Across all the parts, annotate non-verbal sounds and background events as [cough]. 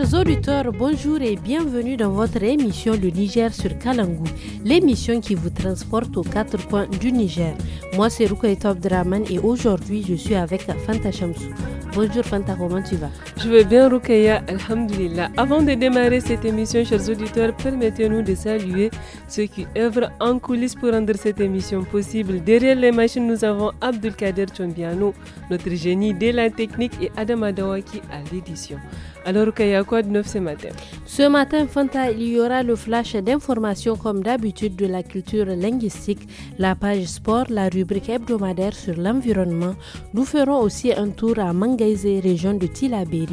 Chers auditeurs, bonjour et bienvenue dans votre émission Le Niger sur Kalangou, l'émission qui vous transporte aux quatre coins du Niger. Moi, c'est Ruka et aujourd'hui, je suis avec Fanta Chamsou. Bonjour Fanta, comment tu vas je veux bien Rukaya, Alhamdulillah. Avant de démarrer cette émission, chers auditeurs, permettez-nous de saluer ceux qui œuvrent en coulisses pour rendre cette émission possible. Derrière les machines, nous avons Abdulkader Tchombiano, notre génie de la technique, et Adam Adawaki à l'édition. Alors Rukaya, quoi de neuf ce matin Ce matin, Fanta, il y aura le flash d'informations comme d'habitude de la culture linguistique, la page sport, la rubrique hebdomadaire sur l'environnement. Nous ferons aussi un tour à Mangaise, région de Tilabé,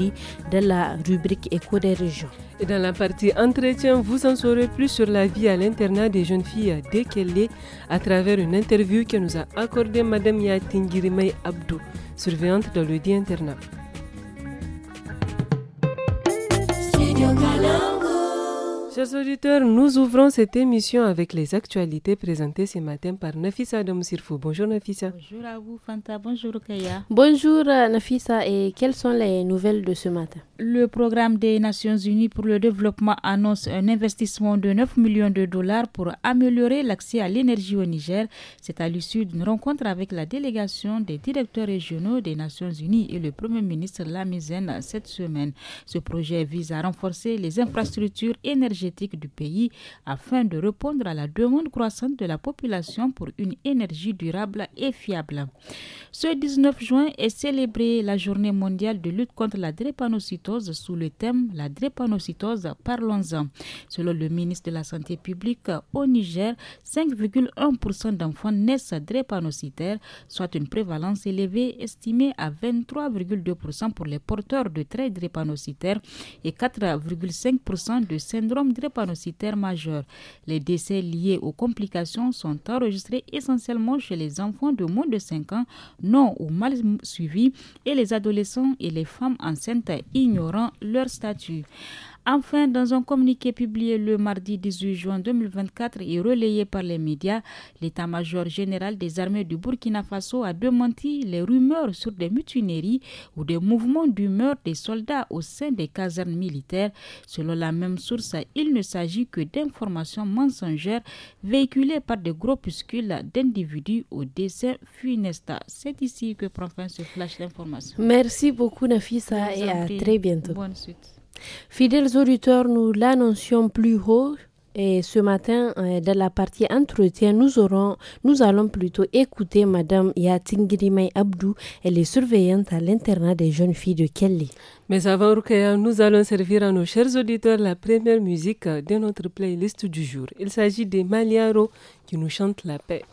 de la rubrique Écho des régions. Et dans la partie entretien, vous en saurez plus sur la vie à l'internat des jeunes filles à est, à travers une interview que nous a accordée Madame Yatin Girimay Abdou, surveillante de le internat. Chers auditeurs, nous ouvrons cette émission avec les actualités présentées ce matin par Nafisa Bonjour Nafisa. Bonjour à vous Fanta, bonjour Kaya. Bonjour euh, Nafisa et quelles sont les nouvelles de ce matin Le programme des Nations Unies pour le développement annonce un investissement de 9 millions de dollars pour améliorer l'accès à l'énergie au Niger. C'est à l'issue d'une rencontre avec la délégation des directeurs régionaux des Nations Unies et le Premier ministre Lamizène cette semaine. Ce projet vise à renforcer les infrastructures énergétiques du pays afin de répondre à la demande croissante de la population pour une énergie durable et fiable. Ce 19 juin est célébrée la journée mondiale de lutte contre la drépanocytose sous le thème La drépanocytose, parlons-en. Selon le ministre de la Santé publique, au Niger, 5,1% d'enfants naissent drépanocytaires, soit une prévalence élevée estimée à 23,2% pour les porteurs de traits drépanocytaires et 4,5% de syndrome majeur. Les décès liés aux complications sont enregistrés essentiellement chez les enfants de moins de 5 ans non ou mal suivis et les adolescents et les femmes enceintes ignorant leur statut. Enfin, dans un communiqué publié le mardi 18 juin 2024 et relayé par les médias, l'état-major général des armées du Burkina Faso a démenti les rumeurs sur des mutineries ou des mouvements d'humeur des soldats au sein des casernes militaires. Selon la même source, il ne s'agit que d'informations mensongères véhiculées par des groupuscules d'individus au dessin Funesta. C'est ici que prend fin ce flash d'information. Merci beaucoup Nafisa et à très bientôt. Bonne suite. Fidèles auditeurs, nous l'annoncions plus haut. Et ce matin, euh, dans la partie entretien, nous, aurons, allons plutôt écouter Madame Yatingrimay Abdou. Elle est surveillante à l'internat des jeunes filles de Kelly. Mais avant Rukaya, nous allons servir à nos chers auditeurs la première musique de notre playlist du jour. Il s'agit des Maliaro qui nous chantent la paix.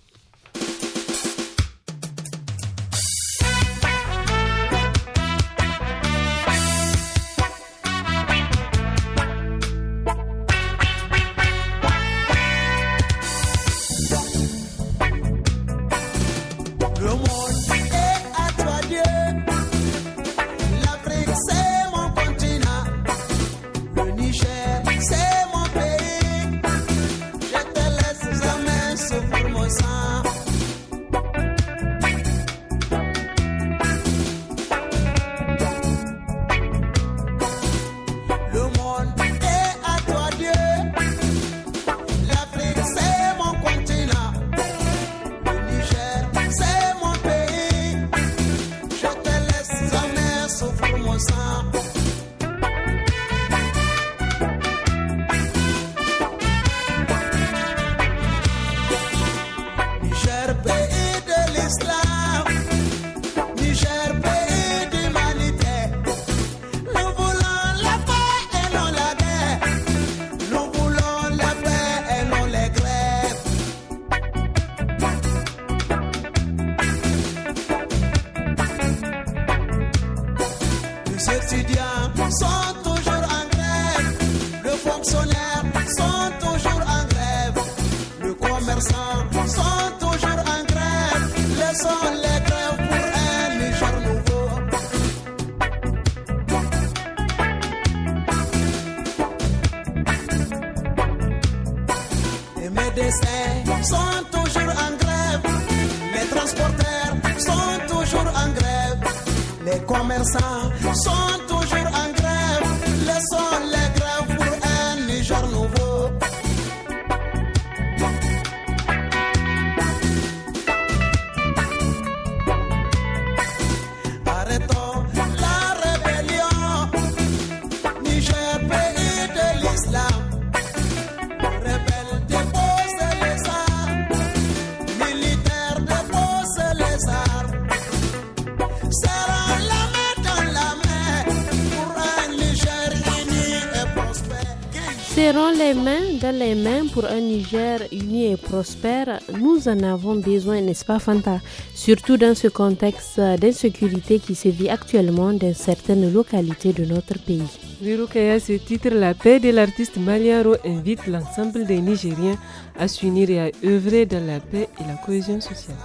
serrons les mains dans les mains pour un Niger uni et prospère. Nous en avons besoin, n'est-ce pas, Fanta Surtout dans ce contexte d'insécurité qui se vit actuellement dans certaines localités de notre pays. Virukaya, ce titre, la paix de l'artiste Maliaro invite l'ensemble des Nigériens à s'unir et à œuvrer dans la paix et la cohésion sociale.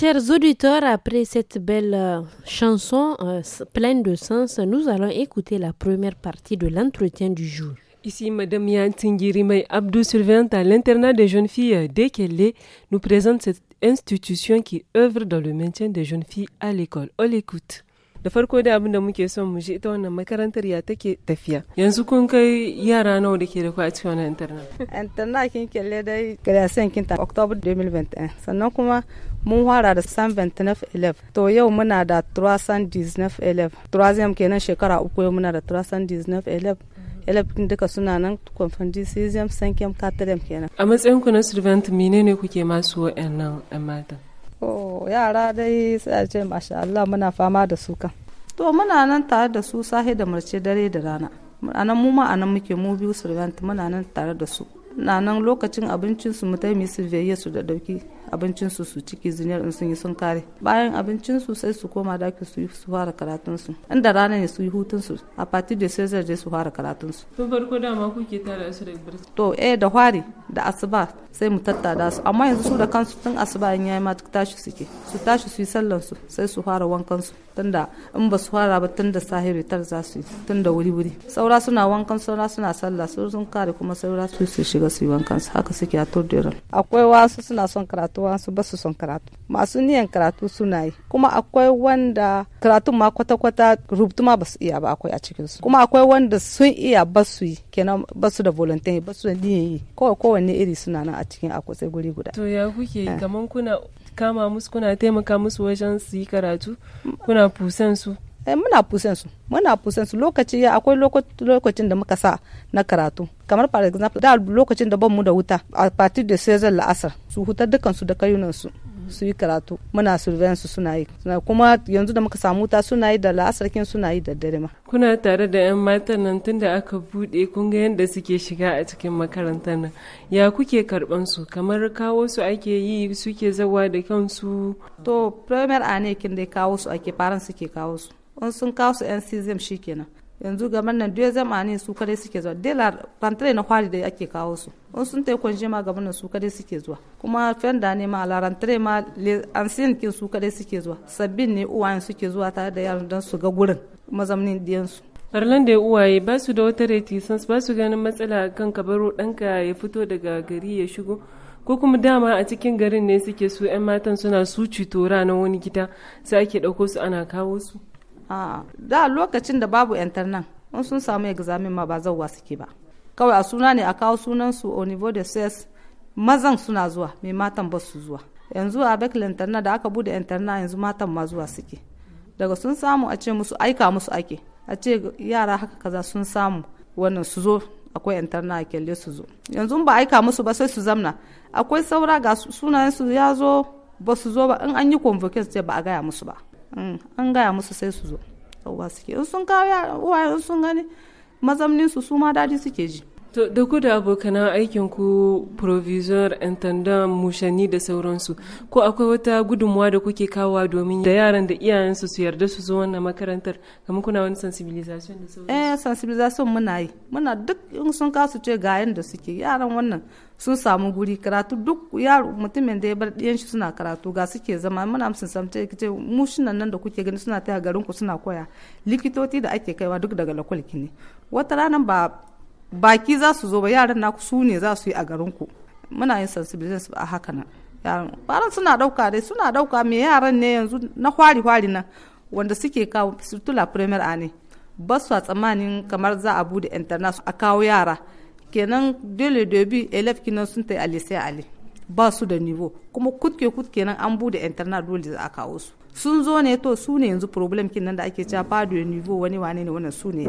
Chers auditeurs, après cette belle euh, chanson euh, pleine de sens, nous allons écouter la première partie de l'entretien du jour. Ici, Madame Yann Tingirimay Abdou, surveillante à l'internat des jeunes filles euh, d'Ekele, nous présente cette institution qui œuvre dans le maintien des jeunes filles à l'école. On l'écoute. da farko da abin da muke son mu je ita wannan makarantar ya take tafiya yanzu kun kai yara nawa da ke da ku a cikin wannan internet internet kin kelle dai graduation kin ta october 2021 sannan kuma mun fara da san 11 to yau muna da 319 troisième kenan shekara uku yau muna da 319 elefin duka suna nan kwamfan dcm sankem katalem kenan a matsayin ku na servant menene kuke masu wa'annan yan mata oh yara dai sai a ce masha Allah muna fama da su kan to muna nan tare da su sahi da marce dare da rana anan mu ma anan muke mu biyu servant muna nan tare da su na nan lokacin abincin su mu tai su da dauki abincinsu su ciki zuniyar in sun yi sun kare bayan abincinsu sai su koma daki su su fara karatunsu inda rana ne su yi hutunsu a partir da sai zai su fara karatunsu. tun farko dama kuke tara su da to eh da hwari da asuba sai mu tattada su amma yanzu su da kansu tun asuba in yayi ma tashi suke su tashi su yi sallansu sai su fara wankansu tunda in ba su fara ba tun da sahiri tar za su yi tun da wuri wuri saura suna wankan saura suna sallah su sun kare kuma saura su su shiga su yi wankan su haka suke a turdiran akwai wasu suna son karatu wasu ba su son karatu masu niyan karatu suna yi kuma akwai wanda karatun ma kwata kwata rubutu ma ba su iya ba akwai a cikin su kuma akwai wanda sun iya ba su yi kenan ba su da volunteer ba su da niyan yi kowanne iri suna nan a cikin akwai guri guda to ya kuke eh. kaman kuna kama musu kuna taimaka musu wajen su yi karatu kuna fusan eh, su muna fusan su muna fusan su lokaci akwai lokacin da muka sa na karatu kamar for example da lokacin da ban mu da wuta a partir da zan la'asar su huta dukkan da kayunan su su yi karatu muna surveillance suna yi kuma yanzu da muka samu ta suna yi da la'asarkin suna yi da dare ma kuna tare da yan matan nan da aka bude kun ga yadda suke shiga a cikin makarantar nan ya kuke karban su kamar kawo su ake yi suke zawa da kansu to primary a ne kin dai kawo su ake faran suke kawo su in sun kawo su yan shi shikenan yanzu gaban nan duk zama ne su kadai suke zuwa dela rantare na kwari da ake kawo su in sun ta kwanje ma gaban nan su kadai suke zuwa kuma fenda ne ma la rantare ma an sin kin su kadai suke zuwa sabbin ne uwaye suke zuwa tare da yaran dan su ga gurin mazamnin su da uwaye ba su da wata reticence ba su ganin matsala kan ka baro ya fito daga gari ya shigo ko kuma dama a cikin garin ne suke su 'yan matan suna su cuto ranar wani gida sai ake ɗauko su ana kawo su da lokacin da babu yantar nan in sun samu examen ma ba zauwa suke ba kawai a suna ne a kawo sunan su au niveau de ses mazan suna zuwa mai matan ba su zuwa yanzu a beklin tarna da aka bude interna yanzu matan ma zuwa suke daga sun samu a ce musu aika musu ake a ce yara haka kaza sun samu wannan su zo akwai interna a kyalle su zo yanzu ba aika musu ba sai su zamna akwai saura ga sunayen su ya zo ba su zo ba in an yi convocation ce ba a gaya musu ba Mm. an gaya musu sai su zo yauwa suke in sun kawo uwayen sun gani mazamnin su su ma daji suke ji To da ku da abokanan aikin ku provisor, intendant, mushani da sauransu, ko akwai wata gudunmuwa da kuke kawowa domin da yaran da iyayensu su yarda su zo wannan makarantar, kamar kuna wani sensibilization da sauransu? Eh, sensibilization muna yi. Muna duk in sun kasu ce ga da suke yaran wannan sun samu guri karatu duk yaro mutumin da ya bar ɗiyan shi suna karatu ga suke zama muna musu samce kice mu shinan nan da kuke gani suna taya garin ku suna koya likitoti da ake kaiwa duk daga lakulki ne wata ranar ba baki za su zo ba yaran naku su ne za su yi a garin ku muna yin sensibilization a haka nan yaran suna dauka dai suna dauka me yaran ne yanzu na kwari-kwari na wanda suke kawo sutula premier a ne ba su tsammanin kamar za a bude international a kawo yara kenan dole dobi elef kinan sun ta yi alise ali ba su da nivo kuma kutke kutke nan an bude internet dole za a kawo su sun zo ne to su ne yanzu problem kin nan da ake cewa ba da nivo wani wane ne wannan su ne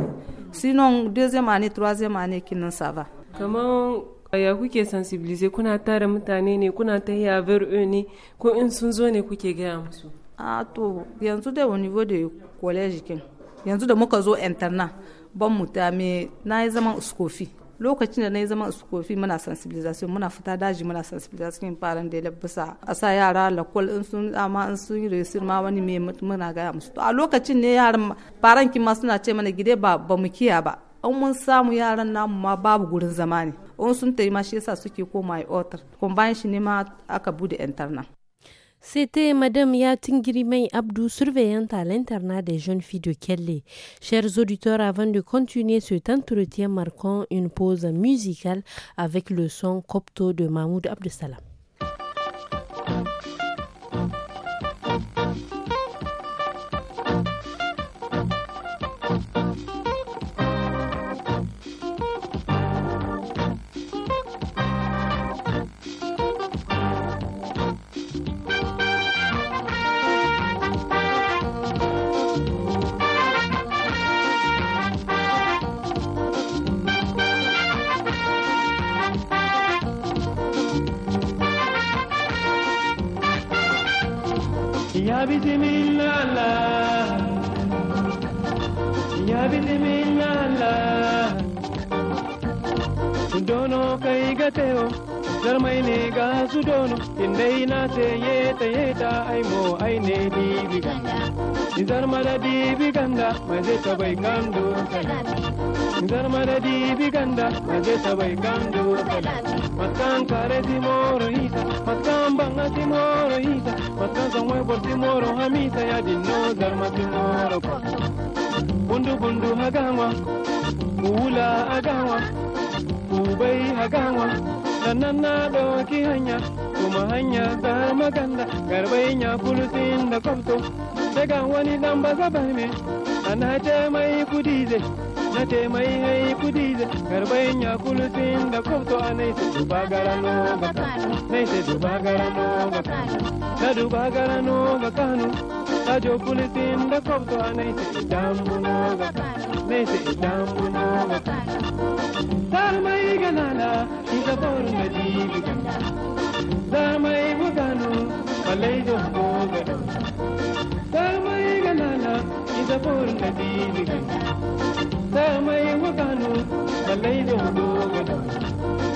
sinon deuxième année troisième année kin nan sava kaman ya kuke sensibilize kuna tara mutane ne kuna ta ya avar ne ko in sun zo ne kuke gaya musu a to yanzu da wani nivo da college kin yanzu da muka zo internet ban mu ta me na yi zaman uskofi lokacin da na yi zaman sukofi muna sensibilisation muna fita daji muna sensibilisation faran da ya bisa a sa yara lakwal in sun dama in sun yi resir ma wani mai muna gaya musu a lokacin ne yaran faran ki ma suna ce mana gide ba ba mu kiya ba in mun samu yaran namu ma babu gurin zama ne in sun tayi ma shi yasa suke koma otar kuma shi ne ma aka bude internet C'était Madame Yatingrimei Abdou, surveillante à l'internat des jeunes filles de Kelly. Chers auditeurs, avant de continuer cet entretien marquant une pause musicale avec le son copto de Mahmoud Abdesalam. indai na te ye ta ye ta ai mo ai ne di bi ganda indar mara di bi ganda ma je ta bai gandu kala indar mara di bi ganda ma ta bai matkan kare di moro isa matkan banga di moro isa matan zangwe bor moro hamisa ya di no dar ma di moro bundu bundu hagawa ula agawa ubai hagawa sannan na ɗauki hanya kuma hanya ta maganda garbainya kulsin da kwamto daga wani dan ba zaba ne ana ce mai kudi zai na ce mai hai kudi zai garbainya kulsin da kwamto a nai sai duba garano ga kano nai sai duba garano ga kano na duba garano ga kano na jo kulsin da kwamto a nai sai damu ga kano nai sai damu ga kano ದಾರ್ಮೈಗ ನಾನ ಇದ ಬೋರ್ನ ಜೀವಿಗ ದಾರ್ಮೈಗು ದಾನು ಮಲೈದು ಹೋಗ ದಾರ್ಮೈಗ ನಾನ ಇದ ಬೋರ್ನ ಜೀವಿಗ ದಾರ್ಮೈಗು ದಾನು ಮಲೈದು ಹೋಗ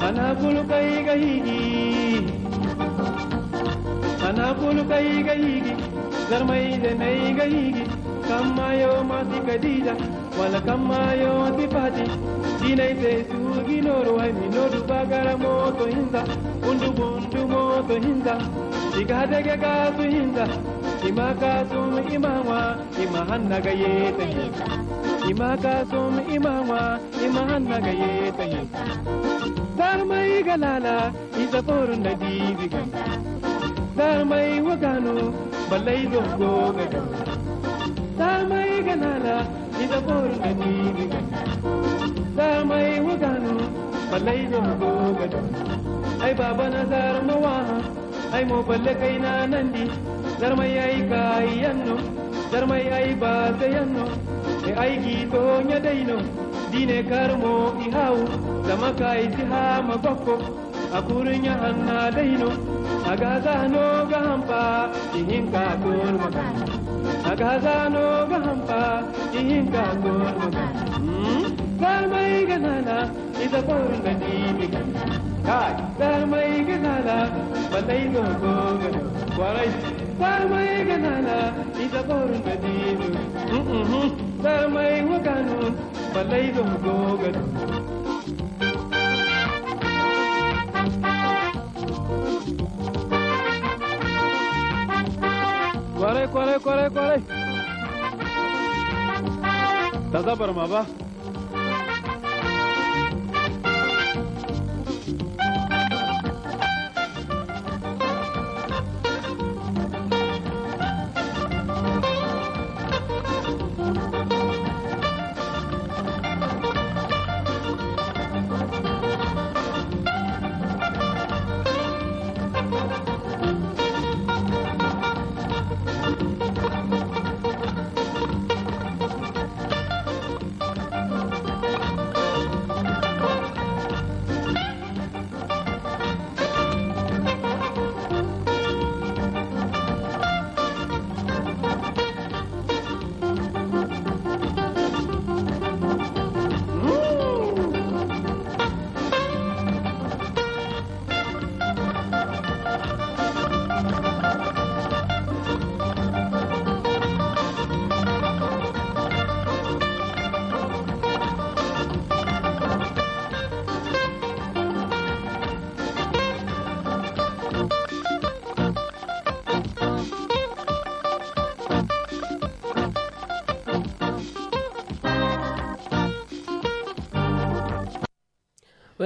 ಮನ ಪುಲು ಕೈಗ ಹೀಗಿ ಮನ ಪುಲು ಕೈಗ ಹೀಗಿ زرمين نيغيغي كما يوم خديجة ولا كما يوم فاتي ديني تسوغي نور وامي نور بغر موتو هنزا بندو بندو موتو هنزا شكادك كاسو هنزا إما كاسوم إماما إما هنغا يتهنزا إما كاسوم إماما إما هنغا يتهنزا ధర్మై గలాల ఇద పోరున్న దీవిగా mai wagano balai dongo gada mai ganala da boru da ni mai wagano balai dongo gada ai baba na zar mawa ai mo balle kai na nan zar mai ai kai yanno zar mai ai ba da yanno e ai gi to nya daino dine karmo i hawo zama kai ti ha magokko akurin ya hanna daino agaazanooga hambaa jihinkaa goon magaan agaazanooga hambaa jihinkaa goon hmm? magaan daalmayganala ida bawringa dhiimigan kaaj daalmayganala balaynoo googano waray daalmayganala ida bawringa dhiimigan hmm, hmm, daalmay waganu balaydoo googano ಕೊರೆ ಕೊರೆ ಕೊರೆ ತದ ಬರಮ್ಮ ಬಾ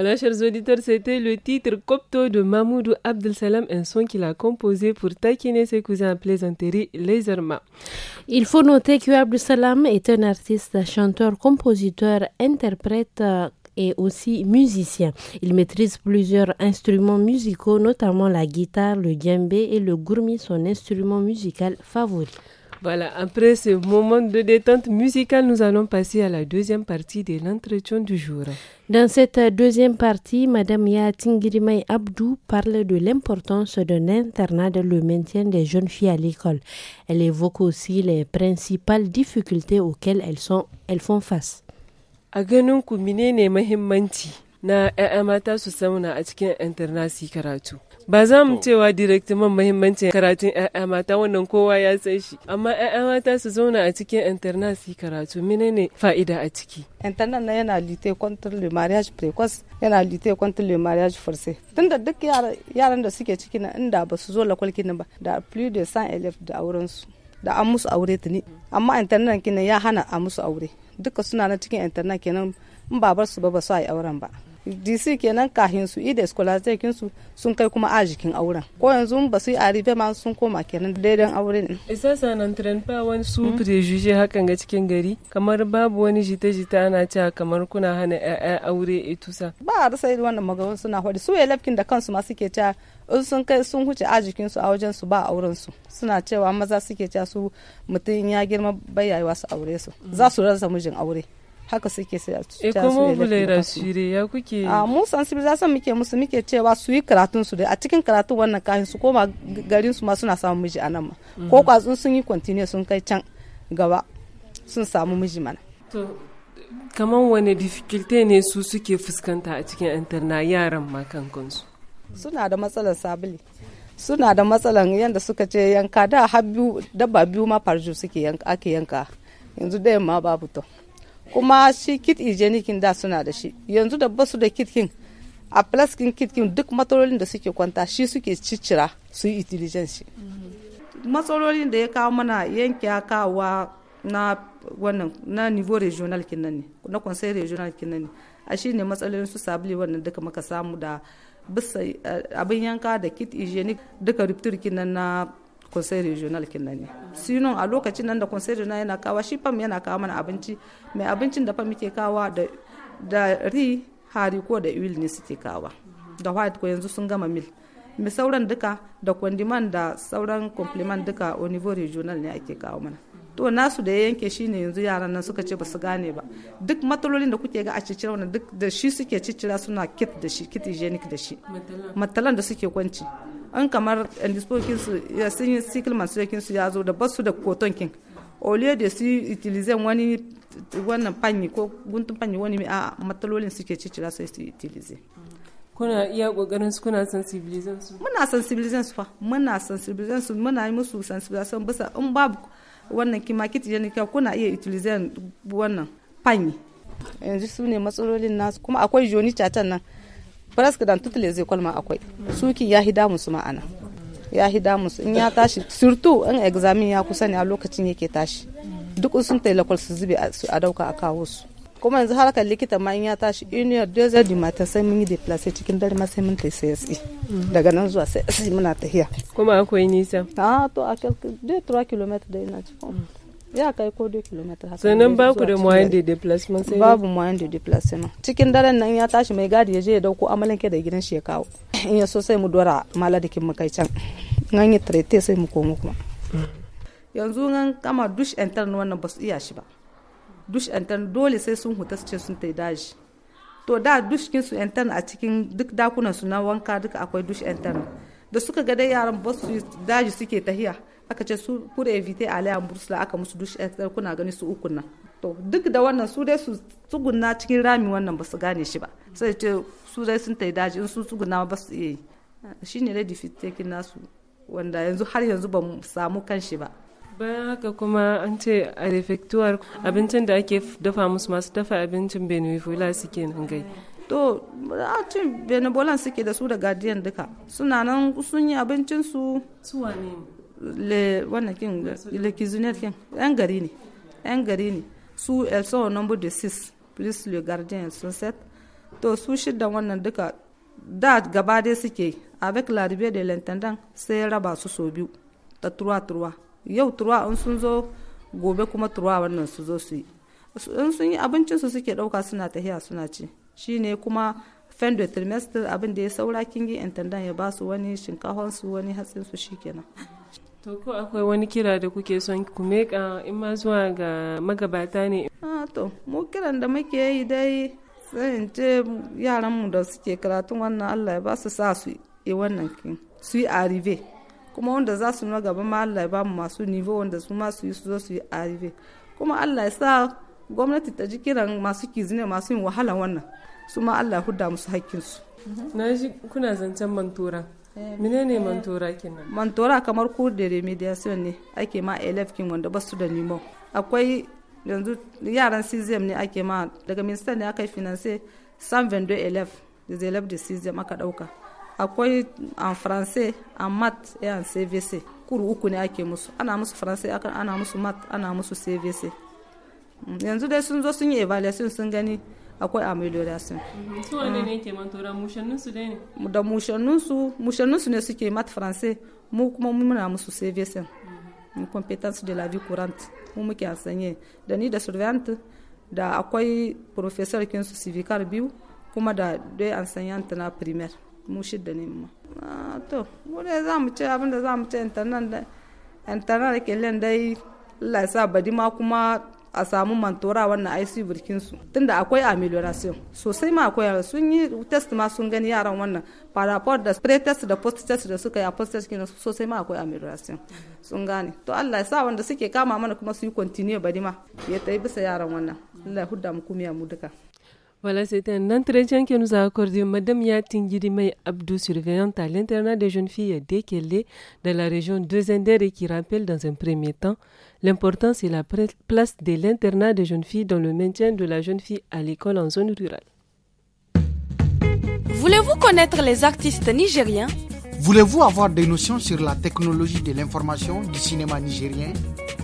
Mes chers auditeurs, c'était le titre Copto de Mahmoud Abdel Salam, un son qu'il a composé pour taquiner ses cousins à plaisanterie, les Il faut noter que Abdel Salam est un artiste, chanteur, compositeur, interprète, euh, et aussi musicien. Il maîtrise plusieurs instruments musicaux, notamment la guitare, le gambé et le gourmi, son instrument musical favori. Voilà, après ce moment de détente musicale, nous allons passer à la deuxième partie de l'entretien du jour. Dans cette deuxième partie, Madame Yatingirimay Abdou parle de l'importance d'un internat dans le maintien des jeunes filles à l'école. Elle évoque aussi les principales difficultés auxquelles elles, sont, elles font face. na eh, su internat ba za mu cewa direktiman mahimmancin karatun 'ya'ya mata wannan kowa ya san shi amma 'ya'ya mata su zauna a cikin internet su karatu menene fa'ida a ciki internet na yana lite contre le mariage précoce yana lite contre le mariage forcé tunda duk yaran da suke ciki na inda ba su zo lakwal kinin ba da plus de 100 élèves da auren su da an musu aure tuni amma internet kinan ya hana a musu aure duka suna na cikin internet kenan in babar su ba ba su yi auren ba dc kenan kahin su ida scholastic su sun kai kuma ajikin auren ko yanzu ba su yi aribe ma sun koma kenan daidan auren. ne isa sanan tranfa wani su prejuge hakan ga cikin gari kamar babu wani jita-jita ana cewa kamar kuna hana ƴaƴa aure itusa eh, ba a rasa irin wannan magawan suna hori su lafkin da kansu ma suke cewa sun kai sun huce ajikin su a wajen su ba auren su suna cewa maza suke cewa su mutum ya girma bai yayi wasu aure su za su rasa mijin aure haka suke sai e kuma bulera shire ya kuke a mu sensibilization muke musu muke cewa su yi karatun su da a cikin karatun wannan kahin su koma garin su ma suna samun miji a nan ma mm. ko kwatsun sun yi continue sun kai can gaba sun samu miji mana to kamar wani difficulty ne su suke fuskanta a cikin interna yaran ma kan kansu suna da matsalar sabili suna da matsalar yadda suka ce yanka da har dabba biyu ma farju suke ake yanka yanzu da yamma babu to kuma shi kit hygienic da suna da shi yanzu da basu da kitkin a plaskin kitkin duk matsalolin da suke kwanta shi suke cicira su yi intelligence matsalolin da ya kawo mana yanke kawowa na wannan na nivo regional kinan ne na conseil regional kinan ne a shi ne matsalolin su sabili wannan duka maka samu da eh, abin yanka da kit hygienic duka rupture kinan na conseil regional ne sinon a lokacin nan da conseil regional yana kawa shi fam yana kawo mana abinci mai abincin da fam muke kawa da da ri hari ko da oil ne suke kawa da white ko yanzu sun gama mil mai sauran duka da kwandiman da sauran complement duka au niveau regional ne ake kawo mana to nasu da ya yanke shine yanzu yaran nan suka ce ba su gane ba duk matsalolin da kuke ga a cicira wannan duk da shi suke cicira suna kit da shi kit hygienic da shi matalan da suke kwanci an kamar endoscopy su ya sun yi cycle menstruation su ya zo da basu da cotton king oliyo da su utilize wani wannan fanyi ko guntun fanyi wani a matsalolin suke cicira sai su utilize kuna iya kokarin su kuna sensibilizansu muna sensibilizansu fa muna sensibilizansu muna yi musu sensibilizansu bisa in babu wannan ki ne kyau kuna iya utilize wannan fanyi yanzu su ne matsalolin nasu kuma akwai joni catan nan faraska dan tutule zai kwalma akwai suki ya hida musu ma'ana ya hida musu in ya tashi surtu in examin ya kusa ne a lokacin yake tashi duk sun tailakwal su zube a dauka a kawo su kuma yanzu harkar likita ma in ya tashi in ya dozer di mata sai mun yi deplace cikin dare ma sai mun ta sai sai e. daga nan zuwa sai sai e muna tafiya kuma akwai nisa a to a kalki 2-3 km da ina ci. ya kai ko 2 km haka nan ba ku da moyen de déplacement sai babu moyen de déplacement cikin daren nan ya tashi mai gadi ya je ya dauko ke da gidan shi ya kawo in ya so sai mu dora maladikin mu kai can nan yi traite sai mu komo kuma yanzu nan kama dush enter wannan ba su iya shi ba dush tan dole sai sun huta su ce sun tai daji to da dush kin su tan a cikin duk dakunan su na wanka duka akwai dush tan da suka ga dai yaran ba su daji suke tahiya aka ce su kure vite aller en aka musu dush ɗan kuna gani su uku nan to duk da wannan su dai su tsuguna cikin rami wannan ba su gane shi ba sai ce su dai sun tai daji in su tsuguna ba su iya yi shine dai difficulty nasu wanda yanzu har yanzu ba samu kan shi ba bayan haka kuma an ce a refektuwar abincin da ake dafa musu masu dafa abincin su ke nan gai to a cin benevolan suke da su da guardian duka suna nan sun yi abincin su su wane le wannan kin le kizunet kin yan gari ne yan gari ne su el sawo number de 6 plus le gardien sunset to su shidda wannan duka da gaba dai suke avec l'arrivée de l'intendant sai raba su so biyu ta turwa turwa yau turwa in sun zo gobe kuma turwa wannan su zo su yi in sun yi abincin su suke dauka suna tahiya suna ci shi ne kuma fin trimester abin da ya saura kingi intendant ya ba su wani shinkafan su wani hatsin su shikenan to ko akwai wani kira da kuke son ku meka in ma zuwa ga magabata ne to mu kiran da muke yi dai sai ce yaran mu da suke karatun wannan Allah ya ba su sa su yi wannan kin su yi arrive kuma wanda za su nuna gaban ma Allah ya bamu masu nivo wanda su ma su yi su zo su yi arrive kuma Allah ya sa gwamnati ta ji kiran masu kizine masu yin wahala wannan su ma Allah ya huda musu su. na ji kuna zancen mantora eh, menene eh. mantora kenan mantora kamar ku da remediation ne ake ma elef kin wanda basu da nimo akwai yanzu yaran cesium ne ake ma daga ministan ne aka yi finance san vendo elef da zelef da cesium aka dauka akwai ah, an ah, en an mat an cvc kuru uku ne ake musu ana musu faranse ana musu mat ana musu cvc mm, yanzu dai sun zo sun yi evaluation sun gani akwai amelioration mm-hmm. ne da mushannunsu ne suke mat faranse mu kuma muna musu cvc mm-hmm. competence de la vie courante mu muke sanye da ni da surveillante da akwai professor kinsu civicar biyu kuma da dai enseignant na primaire mu shidda ne ma to mu dai e za mu ce abin da za mu ce internet kelen dai Allah sa badi ma kuma a samu mantora wannan IC birkin su tunda akwai amelioration sosai ma akwai sun yi test ma sun gani yaran wannan paraport da spray test da post test da suka yi post test kenan sosai ma akwai amelioration sun gane to Allah ya sa wanda suke kama mana kuma su yi continue badi ma ya e tayi bisa yaran wannan Allah ya hudda e, mu kumiya mu duka Voilà, c'était un entretien que nous a accordé Madame Girimay Abdou, surveillante à l'internat des jeunes filles dès qu'elle est dans la région de Zender, et qui rappelle dans un premier temps l'importance et la place de l'internat des jeunes filles dans le maintien de la jeune fille à l'école en zone rurale. Voulez-vous connaître les artistes nigériens Voulez-vous avoir des notions sur la technologie de l'information du cinéma nigérien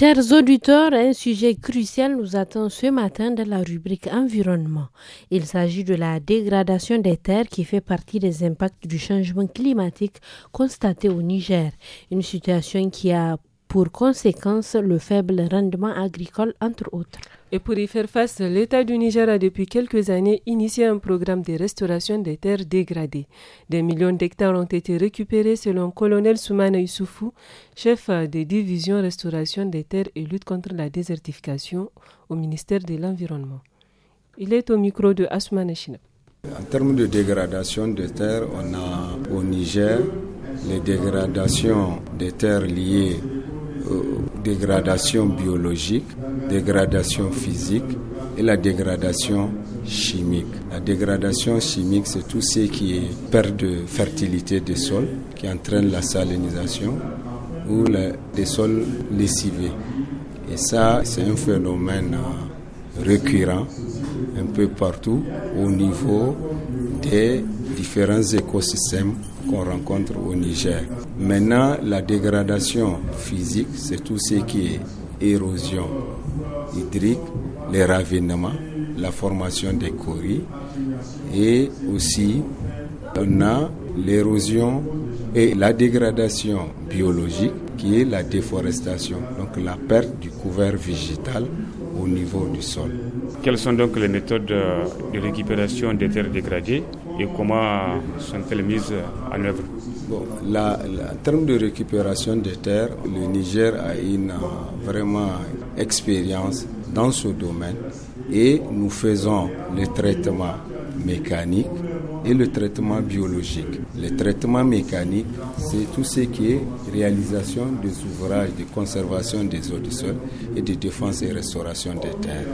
Chers auditeurs, un sujet crucial nous attend ce matin dans la rubrique environnement. Il s'agit de la dégradation des terres qui fait partie des impacts du changement climatique constaté au Niger, une situation qui a pour conséquence le faible rendement agricole entre autres. Et pour y faire face, l'État du Niger a depuis quelques années initié un programme de restauration des terres dégradées. Des millions d'hectares ont été récupérés selon le colonel Soumane Issoufou, chef des divisions restauration des terres et lutte contre la désertification au ministère de l'Environnement. Il est au micro de Asmane China. En termes de dégradation des terres, on a au Niger les dégradations des terres liées euh, dégradation biologique, dégradation physique et la dégradation chimique. La dégradation chimique, c'est tout ce qui est perte de fertilité des sols, qui entraîne la salinisation ou les des sols lessivés. Et ça, c'est un phénomène euh, récurrent un peu partout au niveau des différents écosystèmes qu'on rencontre au Niger. Maintenant, la dégradation physique, c'est tout ce qui est érosion hydrique, les ravinements, la formation des coris et aussi on a l'érosion et la dégradation biologique qui est la déforestation, donc la perte du couvert végétal au niveau du sol. Quelles sont donc les méthodes euh, de récupération des terres dégradées et comment sont-elles mises en œuvre la, En termes de récupération des terres, le Niger a une euh, vraiment expérience dans ce domaine et nous faisons le traitement mécanique et le traitement biologique. Le traitement mécanique, c'est tout ce qui est réalisation des ouvrages de conservation des eaux du sol et de défense et restauration des terres.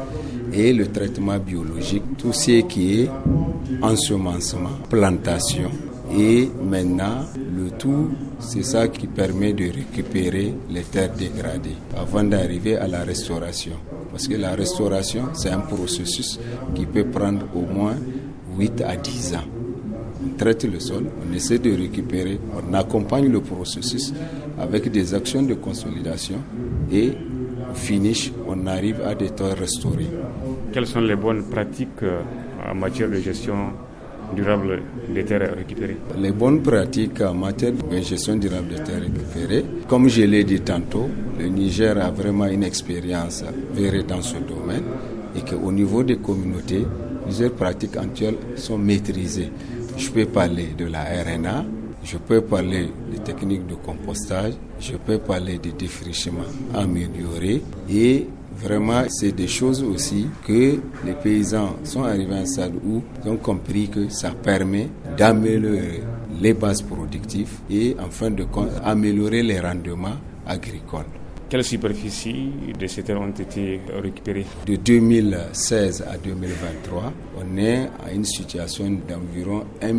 Et le traitement biologique, tout ce qui est ensemencement, plantation. Et maintenant, le tout, c'est ça qui permet de récupérer les terres dégradées avant d'arriver à la restauration. Parce que la restauration, c'est un processus qui peut prendre au moins 8 à 10 ans on traite le sol, on essaie de récupérer, on accompagne le processus avec des actions de consolidation et on finish, on arrive à des terres restaurées. Quelles sont les bonnes pratiques euh, en matière de gestion durable des terres récupérées Les bonnes pratiques en matière de gestion durable des terres récupérées, comme je l'ai dit tantôt, le Niger a vraiment une expérience verrée dans ce domaine et qu'au niveau des communautés, plusieurs pratiques actuelles sont maîtrisées. Je peux parler de la RNA, je peux parler des techniques de compostage, je peux parler des défrichements améliorés et Vraiment, c'est des choses aussi que les paysans sont arrivés à un stade où ils ont compris que ça permet d'améliorer les bases productives et en fin de compte améliorer les rendements agricoles. Quelles superficies de ces terres ont été récupérées De 2016 à 2023, on est à une situation d'environ 1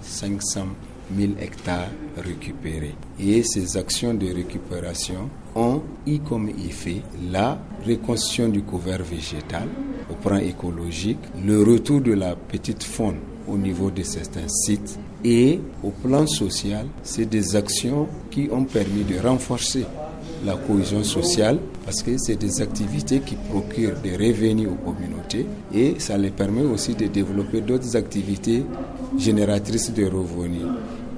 500 000 hectares récupérés. Et ces actions de récupération ont eu comme effet la réconstruction du couvert végétal au plan écologique, le retour de la petite faune au niveau de certains sites et au plan social, c'est des actions qui ont permis de renforcer la cohésion sociale parce que c'est des activités qui procurent des revenus aux communautés et ça les permet aussi de développer d'autres activités génératrices de revenus.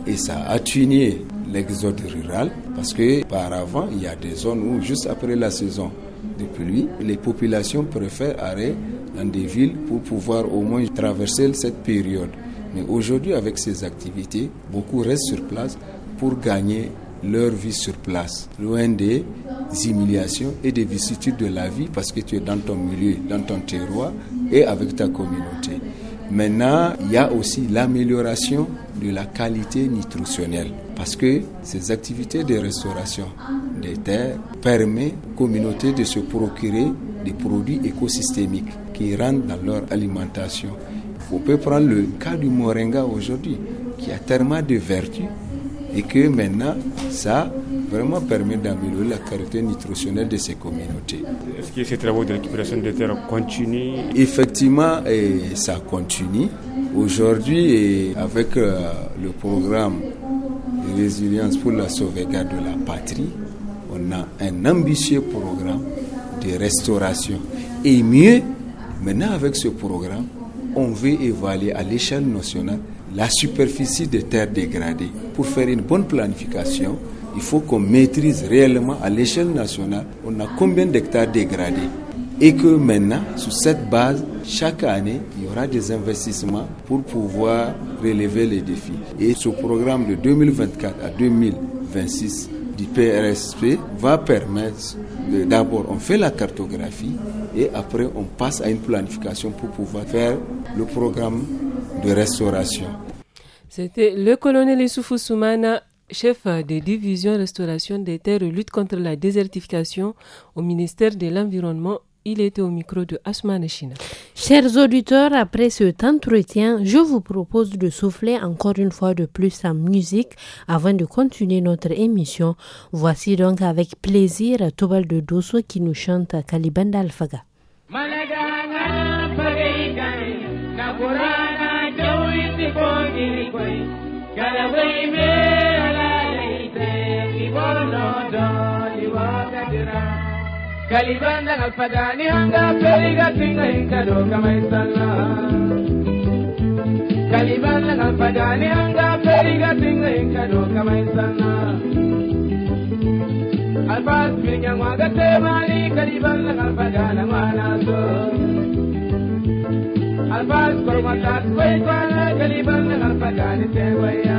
Et ça a atténué l'exode rural parce que par avant, il y a des zones où juste après la saison de pluie, les populations préfèrent arrêter dans des villes pour pouvoir au moins traverser cette période. Mais aujourd'hui, avec ces activités, beaucoup restent sur place pour gagner leur vie sur place, loin des humiliations et des vicissitudes de la vie, parce que tu es dans ton milieu, dans ton terroir et avec ta communauté. Maintenant, il y a aussi l'amélioration de la qualité nutritionnelle, parce que ces activités de restauration des terres permettent aux communautés de se procurer des produits écosystémiques qui rentrent dans leur alimentation. On peut prendre le cas du moringa aujourd'hui, qui a tellement de vertus et que maintenant, ça vraiment permet d'améliorer la qualité nutritionnelle de ces communautés. Est-ce que ces travaux de récupération des terres continuent Effectivement, ça continue. Aujourd'hui, avec euh, le programme de Résilience pour la sauvegarde de la patrie, on a un ambitieux programme de restauration. Et mieux, maintenant avec ce programme, on veut évaluer à l'échelle nationale la superficie de terres dégradées. Pour faire une bonne planification, il faut qu'on maîtrise réellement à l'échelle nationale on a combien d'hectares dégradés. Et que maintenant, sur cette base, chaque année, il y aura des investissements pour pouvoir relever les défis. Et ce programme de 2024 à 2026 du PRSP va permettre, d'abord, on fait la cartographie et après, on passe à une planification pour pouvoir faire le programme restauration. C'était le colonel Issoufou Soumana, chef des divisions restauration des terres et lutte contre la désertification au ministère de l'Environnement il était au micro de Asman China. Chers auditeurs, après cet entretien, je vous propose de souffler encore une fois de plus en musique avant de continuer notre émission. Voici donc avec plaisir Tobal de Dosso qui nous chante Kaliban d'Alfaga. Kalibanda ngafadani hanga periga tinga inkado kama isalla galibanda ngafadani hanga periga tinga inkado kama isalla alfas minya mwaga temani galibanda ngafadana mwana so alfas kormatas kwai kalibanda galibanda ngafadani tewaya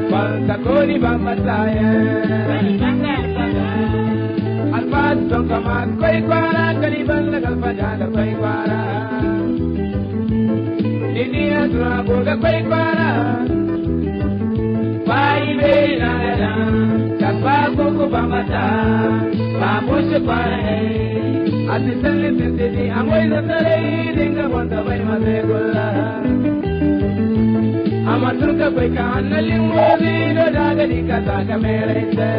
sakori bambataya alfat don kaman koi kwara kaliban la kalfa jada koi kwara diniya tura boga koi kwara pai be na na takwa koko bambata bamush pare ati sanli sindini amoi sandare dinga bai matur ka bai ka hannalin wobi no dagadi ka saka meraita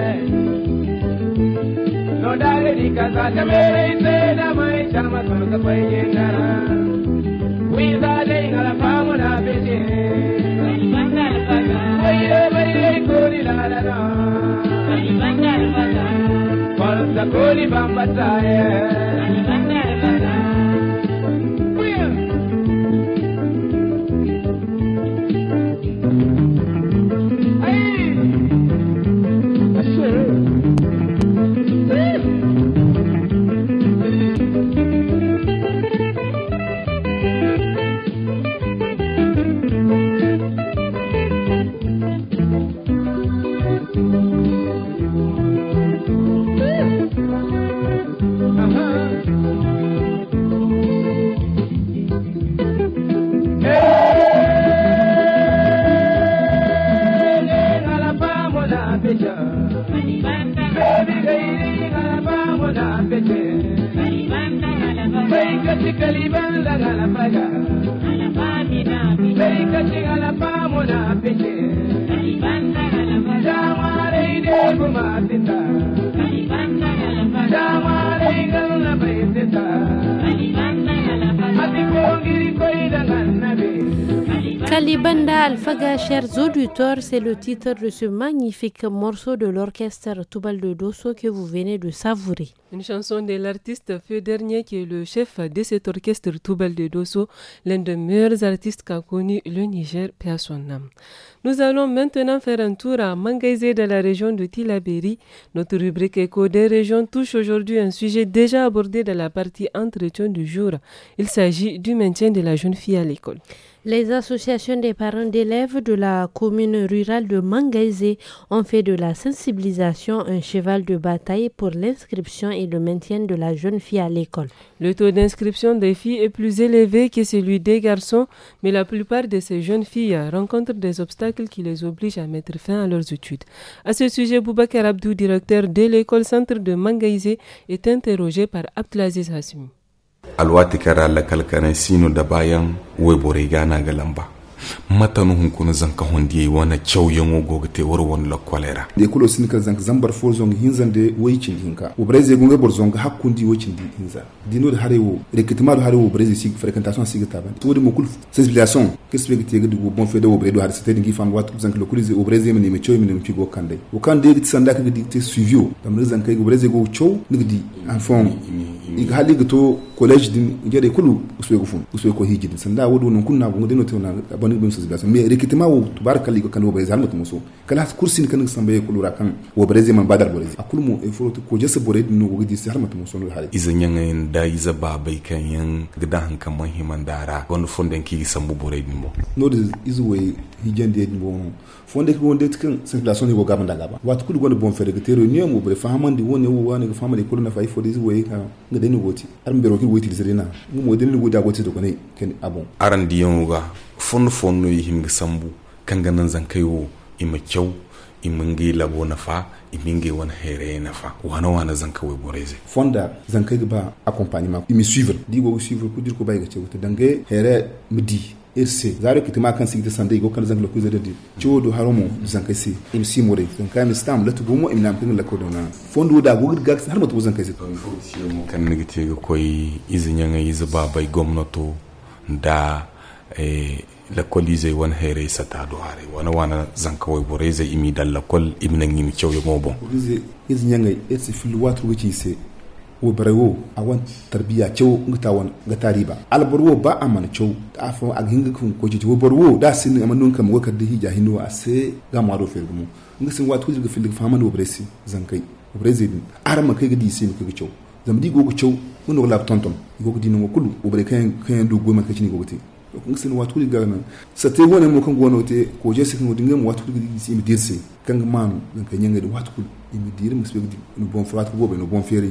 no dagadi ka saka meraita da mai can matur ka bai yin dara wi za dai harafa mu na bije wayo bai dai kori lalana Kwalta koli bambata ya Ali Banda chers auditeurs, c'est le titre de ce magnifique morceau de l'orchestre Toubal de Dosso que vous venez de savourer. Une chanson de l'artiste Feu Dernier, qui est le chef de cet orchestre Toubal de Dosso, l'un des meilleurs artistes qu'a connu le Niger, à son Nous allons maintenant faire un tour à Mangaise dans la région de Tilaberi. Notre rubrique Éco des régions touche aujourd'hui un sujet déjà abordé dans la partie entretien du jour. Il s'agit du maintien de la jeune fille à l'école. Les associations des parents d'élèves de la commune rurale de Mangaïzé ont fait de la sensibilisation un cheval de bataille pour l'inscription et le maintien de la jeune fille à l'école. Le taux d'inscription des filles est plus élevé que celui des garçons, mais la plupart de ces jeunes filles rencontrent des obstacles qui les obligent à mettre fin à leurs études. À ce sujet, Boubacar Abdou, directeur de l'école centre de Mangaïzé, est interrogé par Abdelaziz Hassimi alwati kara lakalkana sinu da bayan wai bore gana ga lamba matanu hun kunu zanka hondi yi wana cew yango goga te war wani la kolera de kulo sin kan zanka zambar fo zong hinzan de waycin hinka o breze gunga bor zonga hakkundi waycin di hinza dino de harewo recrutement de harewo breze sig fréquentation sig taban to de mokul sensibilisation qu'est-ce que te gudu bon fait de o bredo har c'était ngi fam wat zanka lo kulize o breze mene me cew mene mpi go kande o kande sanda ka gidi te suivio dam re zanka go breze go cew ngi di en fond hali to collège din ngere kulu uswe ko fun uswe ko hijidin sanda wodo non kunna bo ngode tewna bani bim sus me mais rekitema wo tabarakal ko kan wo bay zalmat muso kala kursin kan sambe kulu rakan wo brezi man badar brezi akul mu e furo ko jese bore din no gidi sarmat muso no hali izan yan da iza babai kan yan gida hankan man himan dara wani fondan ki sambu bore din mo no izu we hijandi din fonde ko wonde tikin circulation ni go gabanda gaba wat kul gon bon fere gitero ni mo bre famandi woni wo wani go famandi kulna fay fodi wo yi ngade ni woti ar mbero ki woti zirina mo mo den go dago ti do kone ken abon aran diyon ga fon fon no yihim ga sambu kanganan zan kaiwo ima kyau imingi labo na fa imingi wani here na fa wana wana zan kawai boreze fonda zan kai ba accompagnement imi suivre digo suivre ko dir ko bay ga ce dange here midi ese zare kiti ma kan sigi sande go kan zangla kuza dadi chodo haromo zanka si im si more zankai mi stam tu gumo im nam kan la kodona fondu da go gax har matu zanka si kan nigi te go koy izinya ngai izu gomno to da e la kolize won hairai sa ta duhare wana wana zanka way bo reze imi dal la kol da lakol iminan yimi kyau ya mobo izin yanga et ci fil watu ci se wo bare wo a wan tarbiya cew nga ta wan nga ta riba al wo ba aman cew a fo a ginga kun ko jiti wo bor wo da sin amma nun kam wakar da hi jahinu a se ga maro fer gumu nga sin wa tuji ga fil ga wo bare si zankai wo bare zidin arma kai ga di sin kai ga cew zam di go ga mun wala tonton go ga di no kulu wo bare kan kan do goma man kai ni go te kun sin wa tuji na sa te wona mo kan gono te ko je sin wo dinga mo wa tuji di sin dirse kan ga manu kan kan yanga di wa tuji imi dirim di no bon frat go be no bon feri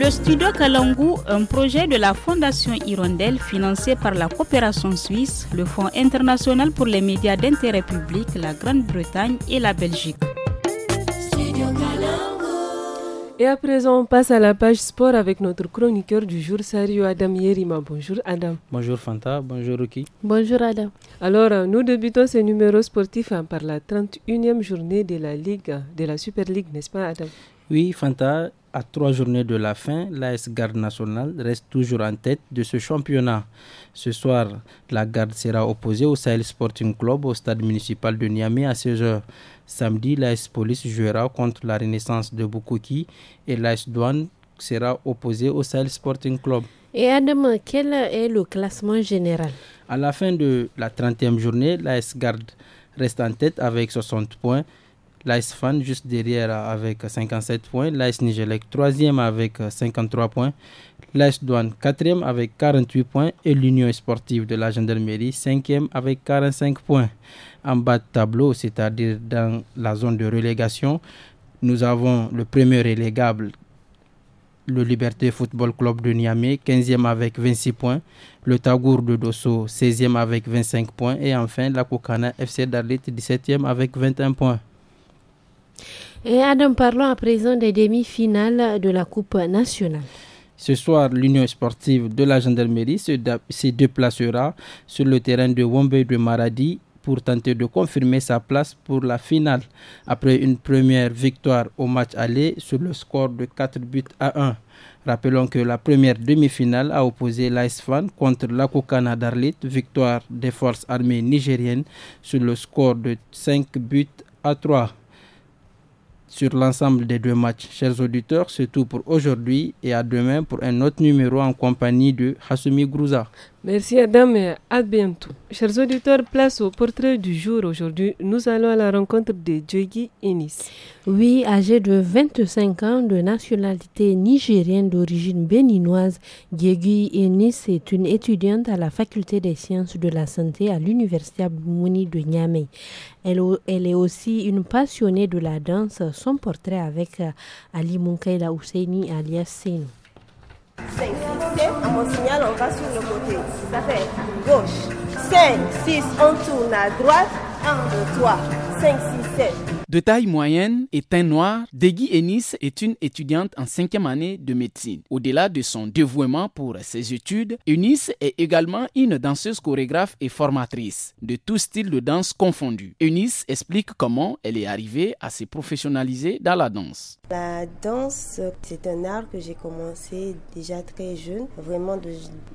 Le studio Kalangu, un projet de la Fondation Hirondelle financé par la coopération suisse, le Fonds international pour les médias d'intérêt public, la Grande-Bretagne et la Belgique. Et à présent, on passe à la page sport avec notre chroniqueur du jour, Sario Adam Yerima. Bonjour Adam. Bonjour Fanta, bonjour Ruki. Bonjour Adam. Alors, euh, nous débutons ce numéro sportif hein, par la 31e journée de la Ligue, de la Super Ligue, n'est-ce pas Adam oui, Fanta, à trois journées de la fin, l'AS Garde nationale reste toujours en tête de ce championnat. Ce soir, la Garde sera opposée au Sahel Sporting Club au stade municipal de Niamey à 16h. Samedi, l'AS Police jouera contre la Renaissance de Bukuki et l'AS Douane sera opposée au Sahel Sporting Club. Et demain, quel est le classement général À la fin de la 30e journée, l'AS Garde reste en tête avec 60 points l'ice Fan juste derrière avec 57 points, l'ice Nigelec troisième avec 53 points, l'ice Douane quatrième avec 48 points et l'Union sportive de la gendarmerie cinquième avec 45 points. En bas de tableau, c'est-à-dire dans la zone de relégation, nous avons le premier relégable le Liberté Football Club de Niamey, 15e avec 26 points, le Tagour de Dosso, 16e avec 25 points, et enfin la koukana FC Dalit, 17e avec 21 points. Et Adam, parlons à présent des demi-finales de la Coupe nationale. Ce soir, l'Union sportive de la gendarmerie se, déplacera sur le terrain de Wombe de Maradi pour tenter de confirmer sa place pour la finale après une première victoire au match aller sur le score de 4 buts à 1. Rappelons que la première demi-finale a opposé l'Aisfan contre l'Akokana d'Arlit, victoire des forces armées nigériennes sur le score de 5 buts à 3 sur l'ensemble des deux matchs. Chers auditeurs, c'est tout pour aujourd'hui et à demain pour un autre numéro en compagnie de Hassoumi Grouza. Merci Adam et à bientôt. Chers auditeurs, place au portrait du jour. Aujourd'hui, nous allons à la rencontre de Djogui Ennis. Oui, âgée de 25 ans, de nationalité nigérienne d'origine béninoise, Djogui Ennis est une étudiante à la faculté des sciences de la santé à l'université Aboumouni de Niamey. Elle, est aussi une passionnée de la danse. Son portrait avec euh, Ali Moukaila Ousseini alias Seno. 5, 6, 7, à mon signal, on va sur le côté. Ça fait gauche. 5, 6, on tourne à droite. 1, 2, 3, 5, 6, 7. De taille moyenne et teint noir, Degui Ennis est une étudiante en cinquième année de médecine. Au-delà de son dévouement pour ses études, Eunice est également une danseuse chorégraphe et formatrice, de tout style de danse confondu. Eunice explique comment elle est arrivée à se professionnaliser dans la danse. La danse, c'est un art que j'ai commencé déjà très jeune, vraiment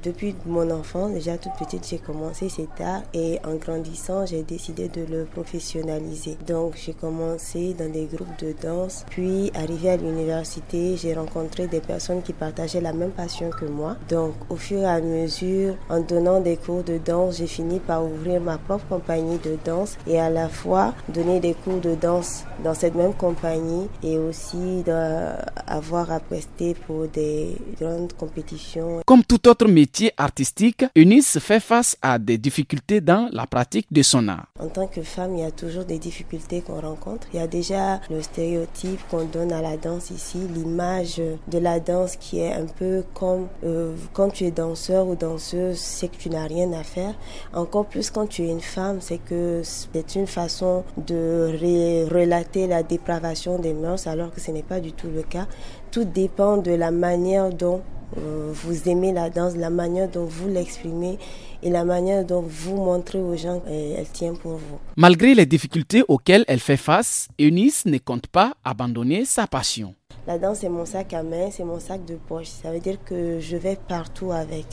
depuis mon enfance, déjà toute petite, j'ai commencé cet art et en grandissant, j'ai décidé de le professionnaliser. Donc, j'ai commencé dans des groupes de danse, puis arrivé à l'université, j'ai rencontré des personnes qui partageaient la même passion que moi. Donc, au fur et à mesure, en donnant des cours de danse, j'ai fini par ouvrir ma propre compagnie de danse et à la fois donner des cours de danse dans cette même compagnie et aussi d'avoir avoir à prester pour des grandes compétitions. Comme tout autre métier artistique, Eunice fait face à des difficultés dans la pratique de son art. En tant que femme, il y a toujours des difficultés qu'on rencontre. Il y a déjà le stéréotype qu'on donne à la danse ici, l'image de la danse qui est un peu comme euh, quand tu es danseur ou danseuse, c'est que tu n'as rien à faire. Encore plus quand tu es une femme, c'est que c'est une façon de relater la dépravation des mœurs alors que c'est n'est pas du tout le cas. Tout dépend de la manière dont euh, vous aimez la danse, la manière dont vous l'exprimez et la manière dont vous montrez aux gens qu'elle tient pour vous. Malgré les difficultés auxquelles elle fait face, Eunice ne compte pas abandonner sa passion. La danse, est mon sac à main, c'est mon sac de poche. Ça veut dire que je vais partout avec.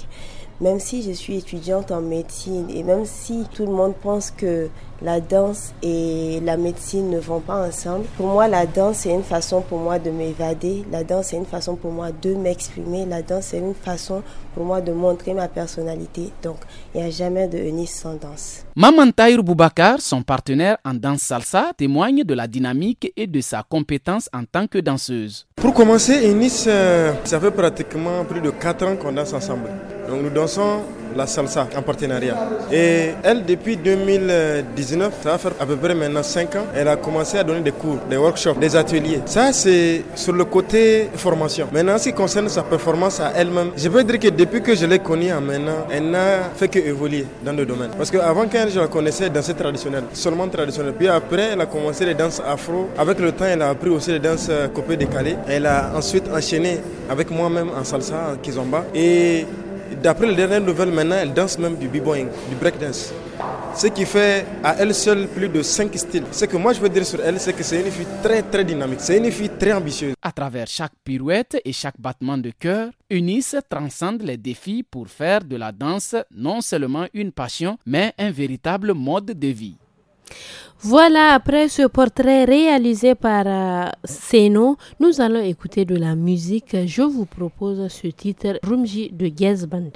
Même si je suis étudiante en médecine et même si tout le monde pense que la danse et la médecine ne vont pas ensemble. Pour moi, la danse, est une façon pour moi de m'évader. La danse, est une façon pour moi de m'exprimer. La danse, est une façon pour moi de montrer ma personnalité. Donc, il n'y a jamais de Nice sans danse. Maman Tahir Boubacar, son partenaire en danse salsa, témoigne de la dynamique et de sa compétence en tant que danseuse. Pour commencer, UNIS, euh, ça fait pratiquement plus de 4 ans qu'on danse ensemble. Donc, nous dansons la salsa en partenariat. Et elle, depuis 2019, ça va faire à peu près maintenant 5 ans, elle a commencé à donner des cours, des workshops, des ateliers. Ça, c'est sur le côté formation. Maintenant, ce qui concerne sa performance à elle-même, je peux dire que depuis que je l'ai connue maintenant, elle n'a fait que évoluer dans le domaine. Parce qu'avant, qu'elle, je la connaissais, danser traditionnelle, seulement traditionnelle. Puis après, elle a commencé les danses afro. Avec le temps, elle a appris aussi les danses euh, copées décalées. Elle a ensuite enchaîné avec moi-même en salsa, en kizomba. Et d'après les dernières nouvelles, maintenant, elle danse même du b-boying, du breakdance. Ce qui fait à elle seule plus de 5 styles. Ce que moi je veux dire sur elle, c'est que c'est une fille très très dynamique, c'est une fille très ambitieuse. À travers chaque pirouette et chaque battement de cœur, Eunice transcende les défis pour faire de la danse non seulement une passion, mais un véritable mode de vie. Voilà, après ce portrait réalisé par euh, nous allons écouter de la musique. Je vous propose ce titre Rumji de Gazband.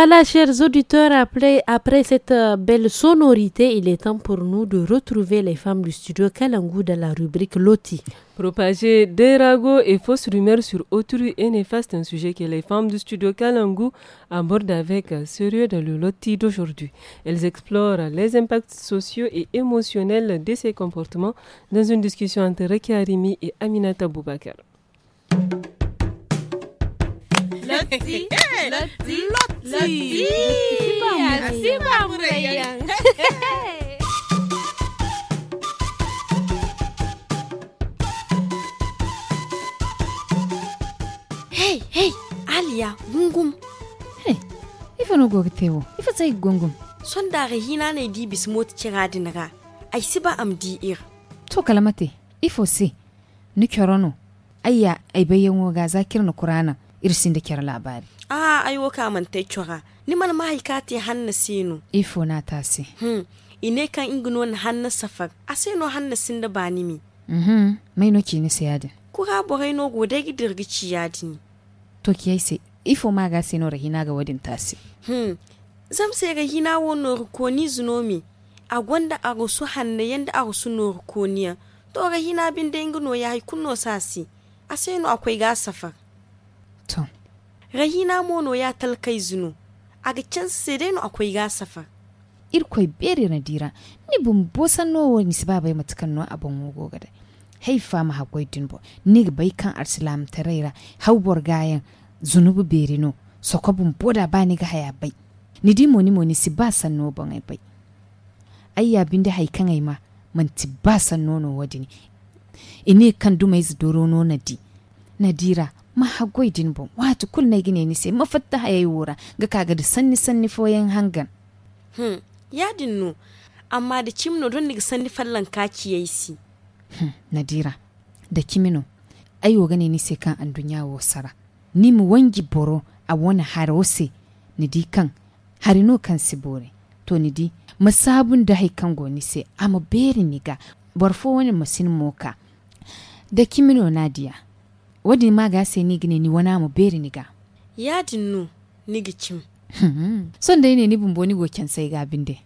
Voilà, chers auditeurs, après, après, cette euh, belle sonorité, il est temps pour nous de retrouver les femmes du studio Kalangu dans la rubrique Loti. Propager des ragots et fausses rumeurs sur autrui et néfaste, un sujet que les femmes du studio Kalangu abordent avec sérieux dans le Loti d'aujourd'hui. Elles explorent les impacts sociaux et émotionnels de ces comportements dans une discussion entre Rekia et Aminata Boubakar. Loti. [laughs] Lati. Lati. Lati. Hey, hey, Aliya gungum. Hey, ifa no gogi tewo, ifa tsayi gungum. Son dare hina ne di bismot kira dinaga, ai si ba am di ir. To kalamate, ifo si, ni kyorono, ayya ai bayyan waga zakir na kurana. irsin da kyar labari. Ah, aiwo kaman ta cewa ni mal mahaika te hanna sinu. Ifo na ta se. Hmm, ine kan ingino na hanna safar, a sai no hanna sin da ba ni mi. Mhm, mai no kini se yadin. Kura borai no goda gidirgi ci yadin. To ki ai se, ifo ma ga se no rahina ga wadin ta se. Hmm, zam se rahina wo no zunomi. A gwanda a rusu hanna yanda a rusu no rukoniya. To rahina bin da ingino ya sa sasi. A sai no akwai ga safar. rahina mono ya talkai zinu a ga can sedeno akwai gasafa irkoi beri na dira ni bun bosa nowo ni ba bai matukan no abon wogo gada haifa ma hakoi dinbo ni ga bai kan arsilam taraira haubor gayan zunubu beri no soko bun boda ba ni ga haya bai ni di moni moni si ba san no bon ai bai ayya bin da haikan ai ma man ba san nono wadini ine kan duma iz doro no na di nadira ma hagoydin watu wato kul na gine ni sai mafatta hayai wura ga kaga da sanni sanni foyen hangan hmm ya dinnu amma da kimno don ni sanni fallan kaki yayi si hmm nadira da kimino ayo gane ni sai kan an dunya wo sara ni mu wangi boro a wani harose ni di kan harino kan bore to ni di masabun da haikan goni sai ama beri ni ga barfo wani masin moka da kimino nadia. wadi ma ga sai ni gine ni wana mu beri ni ga ya dinnu ni gicim hmm. son dai ne ni bumbo ni goken sai ga binde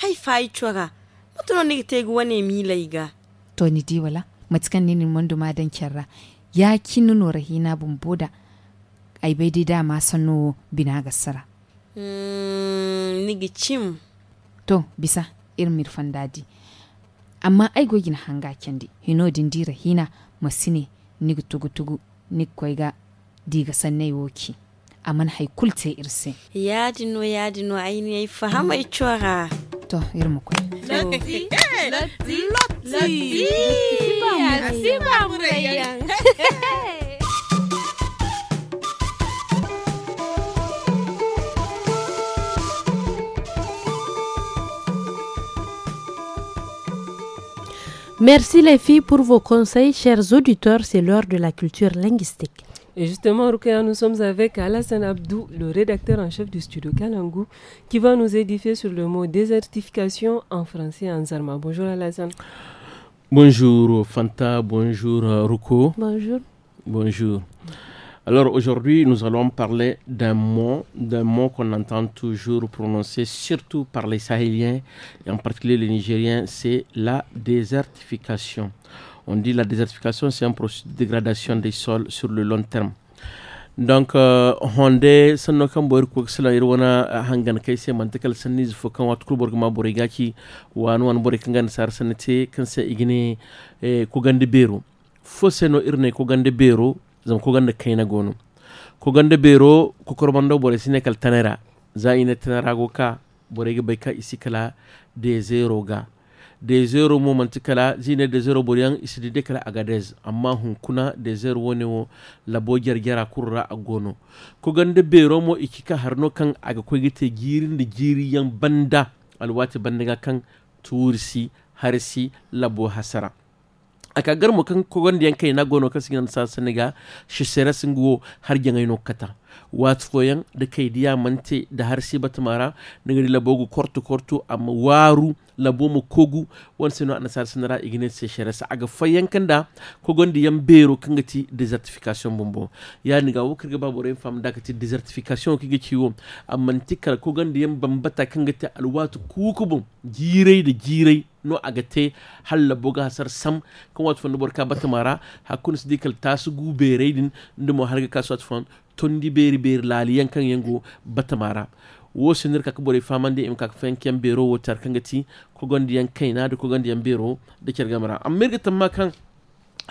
hai fai chwaga mutuno ni te go wane mi lai ga to ni di wala matkan ni ni mondo ma dan kyarra ya kinu no rahina bumbo da ai bai di ma sanno bina ga sara mm, ni gicim to bisa irin mirfan dadi amma ai gogin hanga kendi hino dindira hina masine nigtugutugu nikkoyga Diga woki aman hay irse yaadino yaadino [laughs] Merci les filles pour vos conseils. Chers auditeurs, c'est l'heure de la culture linguistique. Et justement, Rukaya, nous sommes avec Alassane Abdou, le rédacteur en chef du studio Kalangu, qui va nous édifier sur le mot désertification en français en Zarma. Bonjour Alassane. Bonjour Fanta, bonjour euh, Ruko. Bonjour. Bonjour. Alors aujourd'hui, nous allons parler d'un mot, d'un mot qu'on entend toujours prononcer, surtout par les Sahéliens et en particulier les Nigériens, c'est la désertification. On dit la désertification, c'est un processus de dégradation des sols sur le long terme. donc euh, honde sanno kan boyir kuwaksila ir wana hangan kai se mantakal sanni zufo kan wat kul wan bore kan gan sar se igine eh, kugande beru fo irne kugande beru zam ku ganda na gonu ku ganda bero ku korbando bore sine kal tanera za ina tanera go ka bore ga baika isi kala de zero ga de zero mo manti kala zine de zero bore yang isi de kala agadez amma hun kuna de zero woni wo labo gergera kurra a gono ku ganda bero mo ikika harno kan aga ko gite girin de giri yang banda alwati bandaga kan tursi harsi labo hasara a kagar mu kan kogon da kai na gono kan sigan sa saniga shi sera singuo har jangai no kata wat foyan da kai diya mante da har si batmara gari labogu kortu kortu amma waru la boma kogu won seno a sanara igine seycheresa aga fayen kanda kogondi yam beero kanga ti désertification bonbon yani ga wokirga babo ren fam daga ti désertification kiga ciwo amanti ko gondi yam bambata kanga ti alwatu kukubu jirai da jirai no agate halla boga hasar sam kan watu fondo borka batamara hakun sidikal tasu gu beereydin ndimo harga kasu watu fon tondi beri beri laali yankan yango batamara wo sinir kak bore famande im kak fen kem bero wo tar kanga ti ko gondi yan kaina da ko gondi yan bero da ker gamara amma tamma kan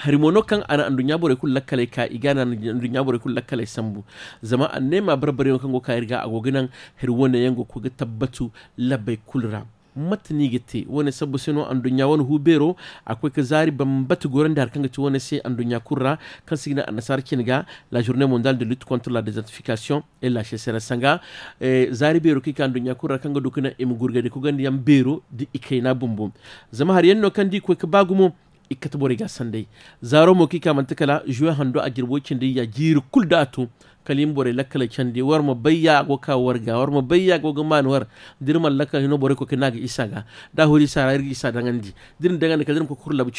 harimono kan ana andu nyabore kul lakkale ka igana andu nyabore kul lakkale sambu zama anema nema barbare kan go kairga agoginan hirwone yango ko tabbatu labai kulra matni gitte wani sabu sino an dunya wani hubero akwe ka zari bambata goren da harkan gaci wani sai an dunya kurra kan sigina anasar kinga la journée mondiale de lutte contre la désertification et la chasserie sanga e, zari bero ki an dunya kurra kanga ga dukuna im gurga de kugandi yam bero di ikaina bumbum zama har yenno kandi di ko ka bagumo ikata ga sande zaro mo ki kamantakala juwa hando a kindi ya jiri kuldatu kalin bore lakkala candi war ma bayya go ka war ga war ma bayya go ga man war dir man lakka hino bore ko kina ga isa ga da hori sara irgi isa dangandi dir dangandi ka dir ko kurla bu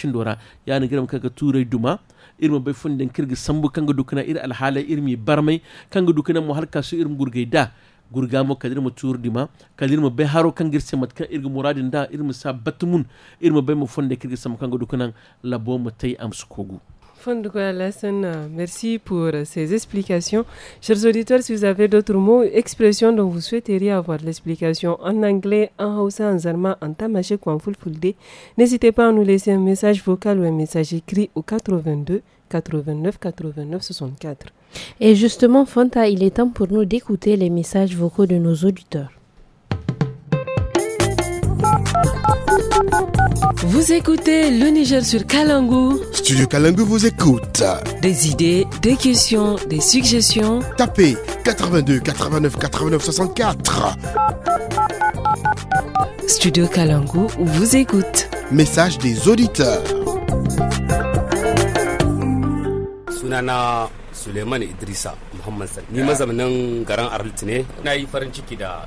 ya ni giram ka ga turai duma irma bai funden kirgi sambu kanga dukuna ir alhala irmi barmai kanga dukuna mu halka su irin gurgai da gurga gurgamo kadir mu tur dima kadir mu bai haro kan girse mat kan muradin da irma sa batmun irma bai mu fonde kirgi sam kan gudu kunan labo mu tai am su kogu Euh, merci pour euh, ces explications. Chers auditeurs, si vous avez d'autres mots, expressions dont vous souhaiteriez avoir l'explication en anglais, en haussa, en zarma, en tamaché ou en fulfulde, n'hésitez pas à nous laisser un message vocal ou un message écrit au 82 89 89 64. Et justement, Fanta, il est temps pour nous d'écouter les messages vocaux de nos auditeurs. Vous écoutez le Niger sur Kalangou. Studio Kalangou vous écoute. Des idées, des questions, des suggestions. Tapez 82 89 89 64. Studio Kalangou vous écoute. Message des auditeurs. Sunana Suleiman Idrissa Muhammad nan Arlit Na yi da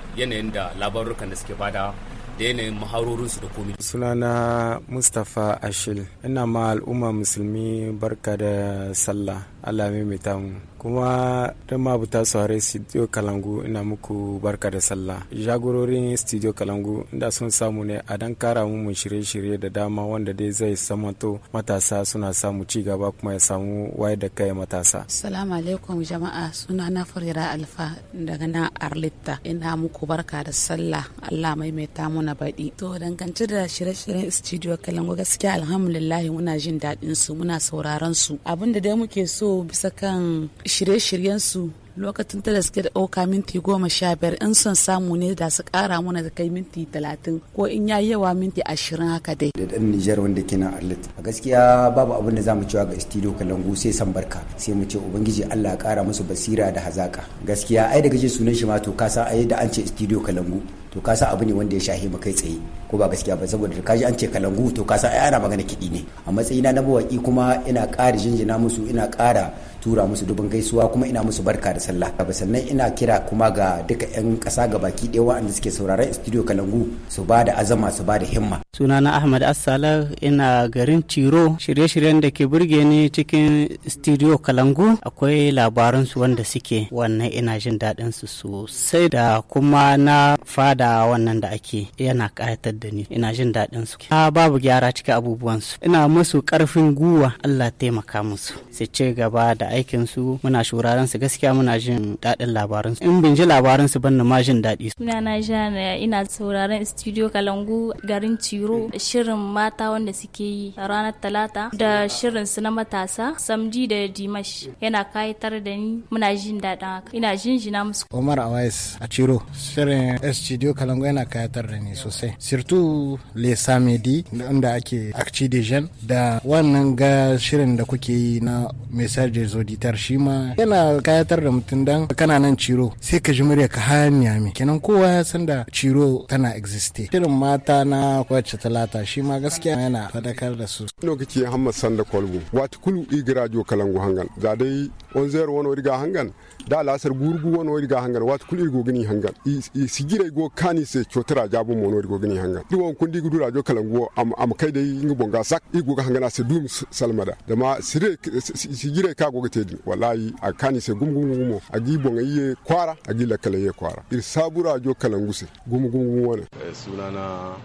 da yanayin maharorinsu da komi. sunana mustapha ashil ina ma al'umma musulmi barka da sallah Allah mai tamu kuma don mabuta saurari studio kalangu ina muku barka da sallah jagororin studio kalangu inda sun samu ne a dan kara mu shirye-shirye da dama wanda dai zai samanto matasa suna samu ci gaba kuma ya samu waye da kai matasa salamu alaikum jama'a suna na furira alfa daga na arlita ina muku barka da sallah Allah mai tamu na baɗi to dangance da shirye-shiryen studio kalangu gaskiya alhamdulillah muna jin daɗin su muna sauraron su abinda dai muke so bisa kan shirye-shiryensu lokacin ta da suke da ɗauka minti goma sha biyar in son samu ne da su ƙara mana da kai minti talatin ko in ya yawa minti ashirin haka dai. da ɗan nijar wanda ke nan arlit a gaskiya babu abin da za mu cewa ga studio kalangu sai san barka sai mu ce ubangiji allah ya ƙara musu basira da hazaka gaskiya ai da gaje sunan shi ma to ka san ai da an ce studio kalangu to ka san abu ne wanda ya shahi ba kai tsaye ko ba gaskiya ba saboda ka ji an ce kalangu to ka san ai ana magana kiɗi ne a matsayina na mawaƙi kuma ina ƙara jinjina musu ina ƙara tura musu dubin gaisuwa kuma ina musu barka da sallah ba sannan ina kira kuma ga duka yan ƙasa ga baki ɗaya waɗanda suke sauraron studio kalangu su ba da azama su ba da himma sunana ahmad assala ina garin ciro shirye-shiryen da ke burge ni cikin studio kalangu akwai labaransu wanda suke wannan ina jin daɗin su sosai da kuma na fada da wannan da ake yana ƙayatar da ni ina jin daɗin su a ah, babu gyara cikin abubuwan su ina musu ƙarfin guwa Allah taimaka musu su ce gaba da aikin su muna shuraren su gaskiya muna jin daɗin labarin su in bin ji labarin su ban ma jin daɗi suna na jana ina sauraron studio kalangu garin ciro shirin mata wanda suke yi ranar talata da shirin su na matasa samji da dimash yana kayatar da ni muna jin daɗin haka ina jinjina musu Omar Awais a Ciro shirin studio studio kalango yana kayatar da ni sosai sirtu le samedi inda ake akci de jeune da wannan ga shirin da kuke yi na message zoditar shi ma yana kayatar da mutum dan kana nan ciro sai ka ji murya ka hanya mai kenan kowa ya san da ciro tana existe shirin mata na kwace talata shi ma gaskiya yana fadakar da su lokaci hamad sanda kolbu wato kulu i radio kalangu hangan za dai on zero riga hangan da lasar gurgu wani ga hangar wata kul irgo gini hangan sigire go kani se chotara jabu mono irgo gini hangan duwa kundi gudu rajo kalangu am am kai dai inga bonga sak i ga hangana se dum salmada dama sire sigire ka go gete wallahi a kani se gum gum gumo a gi bonga iye kwara a gi lakale ye kwara ir sabura jo kalangu se gum gum gum eh, sunana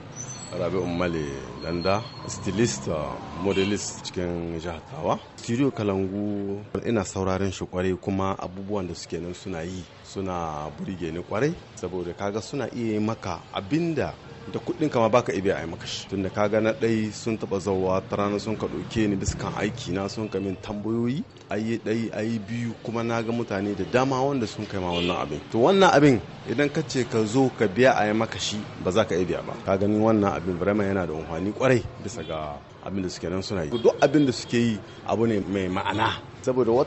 rabi male landa stylist uh, modelist cikin jihar tawa studio kalangu ina sauraren shi kwarai kuma abubuwan da suke nan suna yi suna burge ni kwarai saboda kaga suna iya maka abinda da kuɗin kama baka ibe a yi maka shi tunda ka ga na ɗai sun taba zauwa ta rana sun ka ɗauke ni bisa kan aiki na sun ka min tambayoyi ayi ɗai ayi biyu kuma na ga mutane da dama wanda sun kai ma wannan abin to wannan abin idan ka ce ka zo ka biya a yi maka shi ba za ka ibe ba ka gani wannan abin vraiment yana da amfani kwarai bisa ga abin da suke nan suna yi duk abin da suke yi abu ne mai ma'ana Et nous sommes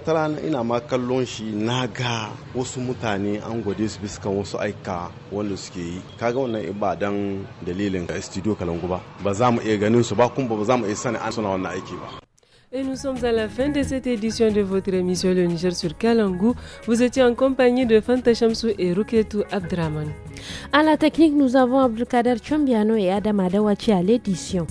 à la fin de cette édition de votre émission Le Niger sur Kalangu. Vous étiez en compagnie de Fanta Chamsu et Ruketu Abdraman. À la technique, nous avons Abdelkader Chambiano et Adam Adawachi à l'édition.